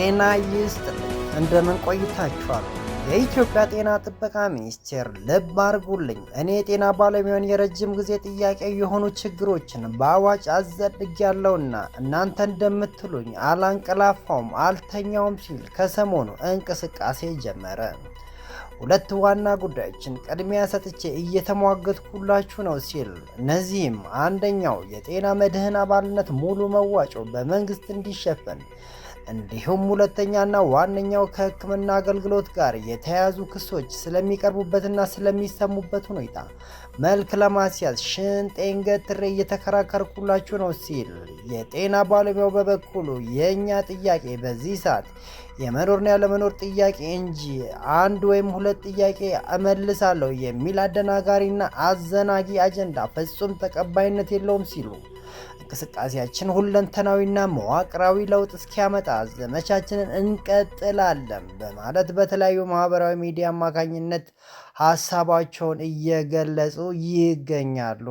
ጤና ይስጥልኝ እንደምን ቆይታችኋል? የኢትዮጵያ ጤና ጥበቃ ሚኒስቴር ልብ አድርጉልኝ፣ እኔ የጤና ባለሙያን የረጅም ጊዜ ጥያቄ የሆኑ ችግሮችን አዘድግ ያለውና እናንተ እንደምትሉኝ አላንቀላፋውም አልተኛውም ሲል ከሰሞኑ እንቅስቃሴ ጀመረ። ሁለት ዋና ጉዳዮችን ቅድሚያ ሰጥቼ እየተሟገትኩላችሁ ነው ሲል እነዚህም አንደኛው የጤና መድህን አባልነት ሙሉ መዋጮ በመንግስት እንዲሸፈን እንዲሁም ሁለተኛና ዋነኛው ከሕክምና አገልግሎት ጋር የተያያዙ ክሶች ስለሚቀርቡበትና ስለሚሰሙበት ሁኔታ መልክ ለማስያዝ ሽንጤን ገትሬ እየተከራከርኩላችሁ ነው ሲል የጤና ባለሙያው በበኩሉ የእኛ ጥያቄ በዚህ ሰዓት የመኖርና ያለመኖር ጥያቄ እንጂ አንድ ወይም ሁለት ጥያቄ እመልሳለሁ የሚል አደናጋሪና አዘናጊ አጀንዳ ፍጹም ተቀባይነት የለውም ሲሉ እንቅስቃሴያችን ሁለንተናዊና መዋቅራዊ ለውጥ እስኪያመጣ ዘመቻችንን እንቀጥላለን በማለት በተለያዩ ማህበራዊ ሚዲያ አማካኝነት ሀሳባቸውን እየገለጹ ይገኛሉ።